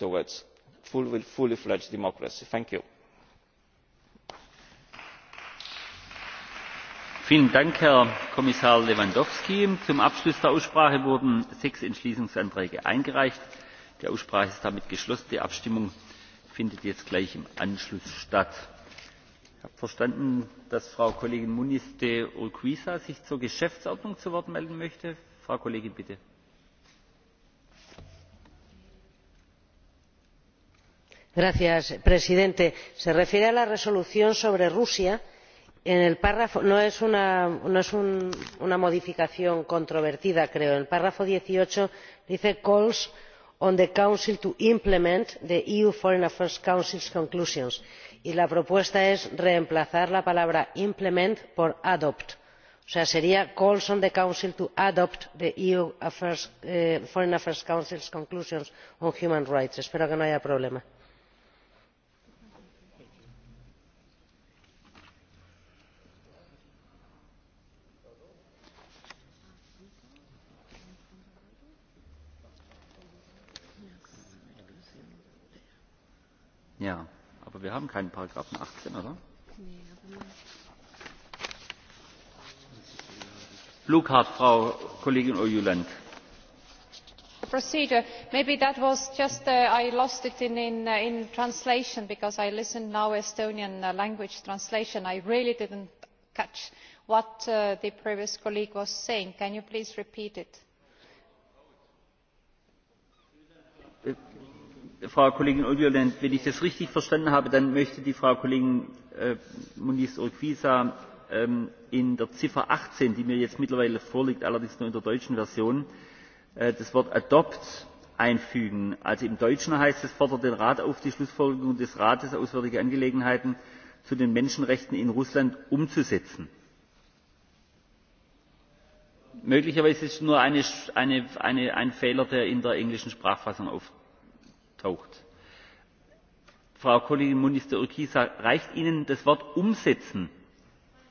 towards full, fully fledged democracy. thank you. vielen dank herr kommissar lewandowski. zum abschluss der aussprache wurden sechs entschließungsanträge eingereicht. die aussprache ist damit geschlossen. die abstimmung findet jetzt gleich im anschluss statt. ich habe verstanden dass frau kollegin Muniste de sich zur geschäftsordnung zu wort melden möchte. frau kollegin bitte. señor presidente se refiere a la resolución sobre rusia en el párrafo no es una modificación controvertida creo. en el párrafo dieciocho dice calls on the council to implement the eu foreign affairs council's conclusions y la propuesta es reemplazar la palabra implement por adopt o sea sería calls on the council to adopt the eu eh, foreign affairs council's conclusions on human rights. espero que no haya problema. Aber wir haben keinen Paragraphen 18, oder? Frau Kollegin Ojuland. Procedure. Maybe that was just uh, I lost it in, uh, in, translation because I listened now Estonian uh, language translation. I really didn't catch what the previous colleague was saying. Can you please repeat it frau kollegin oomen wenn ich das richtig verstanden habe dann möchte die frau kollegin äh, muniz urquiza ähm, in der ziffer achtzehn die mir jetzt mittlerweile vorliegt allerdings nur in der deutschen version äh, das wort adopt einfügen. also im deutschen heißt es fordert den rat auf die schlussfolgerungen des rates auswärtige angelegenheiten zu den menschenrechten in russland umzusetzen. möglicherweise ist es nur ein fehler der in der englischen sprachfassung taucht. Frau Kollegin Minister Urquiza, reicht Ihnen das Wort umsetzen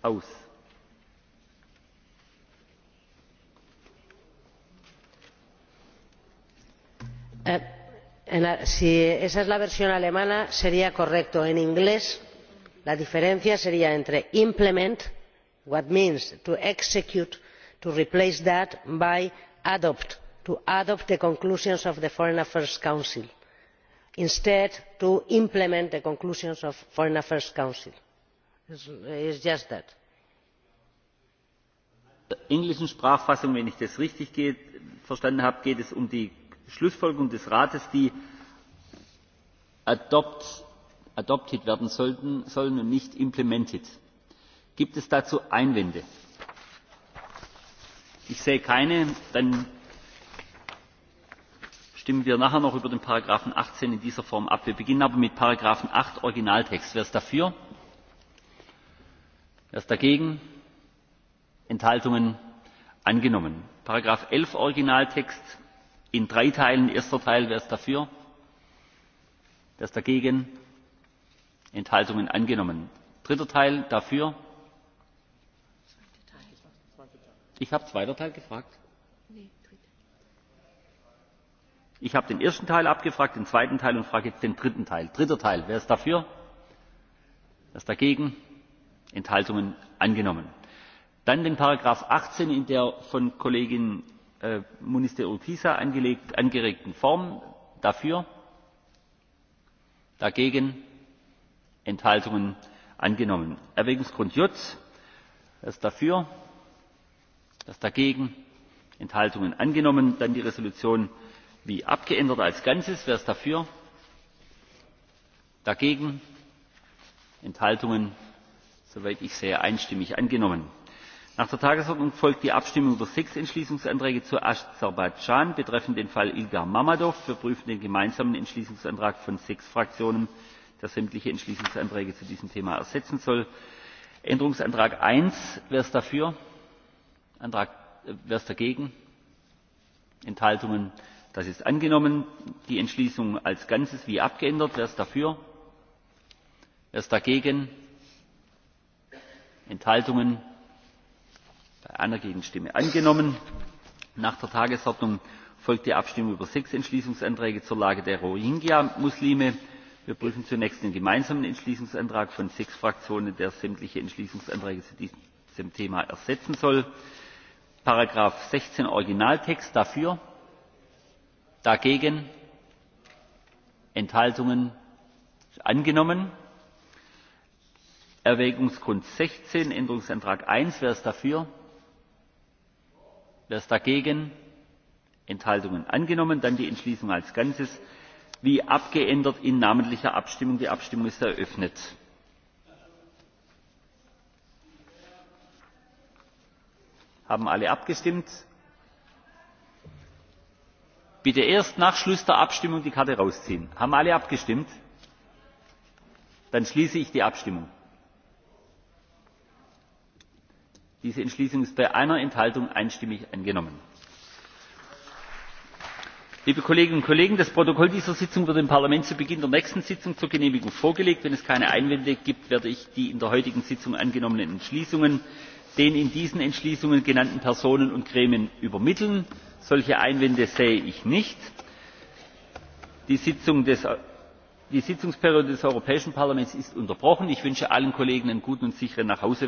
aus? Eh, si esa es la versión alemana, sería correcto. En inglés, la diferencia sería entre implement, what means to execute, to replace that by adopt, to adopt the conclusions of the Foreign Affairs Council instead to implement the conclusions of foreign affairs council. is just that. in der englischen sprachfassung wenn ich das richtig verstanden habe geht es um die schlussfolgerungen des rates die adopted werden sollen und nicht implemented. gibt es dazu einwände? ich sehe keine. dann stimmen wir nachher noch über den Paragraphen 18 in dieser Form ab. Wir beginnen aber mit Paragraphen 8 Originaltext. Wer ist dafür? Wer ist dagegen? Enthaltungen angenommen. Paragraph 11 Originaltext in drei Teilen. Erster Teil, wer ist dafür? Wer ist dagegen? Enthaltungen angenommen. Dritter Teil, dafür? Ich habe zweiter Teil gefragt ich habe den ersten teil abgefragt den zweiten teil und frage jetzt den dritten teil. dritter teil wer ist dafür? wer ist dagegen? enthaltungen angenommen. dann den paragraph achtzehn in der von kollegin äh, muniz de angeregten form dafür? dagegen? enthaltungen angenommen. erwägungsgrund j wer ist dafür? wer ist dagegen? enthaltungen angenommen. dann die entschließung wie abgeändert als ganzes wer ist dafür? dagegen? enthaltungen? soweit ich sehe einstimmig angenommen. nach der tagesordnung folgt die abstimmung über sechs entschließungsanträge zu aserbaidschan betreffend den fall ilgar Mamadow. wir prüfen den gemeinsamen entschließungsantrag von sechs fraktionen der sämtliche entschließungsanträge zu diesem thema ersetzen soll. änderungsantrag eins wer ist dafür? Antrag, äh, wer ist dagegen? enthaltungen? das ist angenommen. die entschließung als ganzes wie abgeändert wer ist dafür? wer ist dagegen? enthaltungen? bei einer gegenstimme angenommen. nach der tagesordnung folgt die abstimmung über sechs entschließungsanträge zur lage der rohingya muslime. wir prüfen zunächst den gemeinsamen entschließungsantrag von sechs fraktionen der sämtliche entschließungsanträge zu diesem thema ersetzen soll. paragraph sechzehn originaltext dafür? dagegen enthaltungen angenommen erwägungsgrund 16 änderungsantrag 1 wer ist dafür wer ist dagegen enthaltungen angenommen dann die entschließung als ganzes wie abgeändert in namentlicher abstimmung die abstimmung ist eröffnet haben alle abgestimmt bitte erst nach schluss der abstimmung die karte rausziehen. haben alle abgestimmt? dann schließe ich die abstimmung. diese entschließung ist bei einer enthaltung einstimmig angenommen. liebe kolleginnen und kollegen das protokoll dieser sitzung wird dem parlament zu beginn der nächsten sitzung zur genehmigung vorgelegt. wenn es keine einwände gibt werde ich die in der heutigen sitzung angenommenen entschließungen den in diesen entschließungen genannten personen und gremien übermitteln solche einwände sehe ich nicht. die sitzungsperiode des europäischen parlaments ist unterbrochen. ich wünsche allen kollegen einen guten und sicheren nachhauseweg.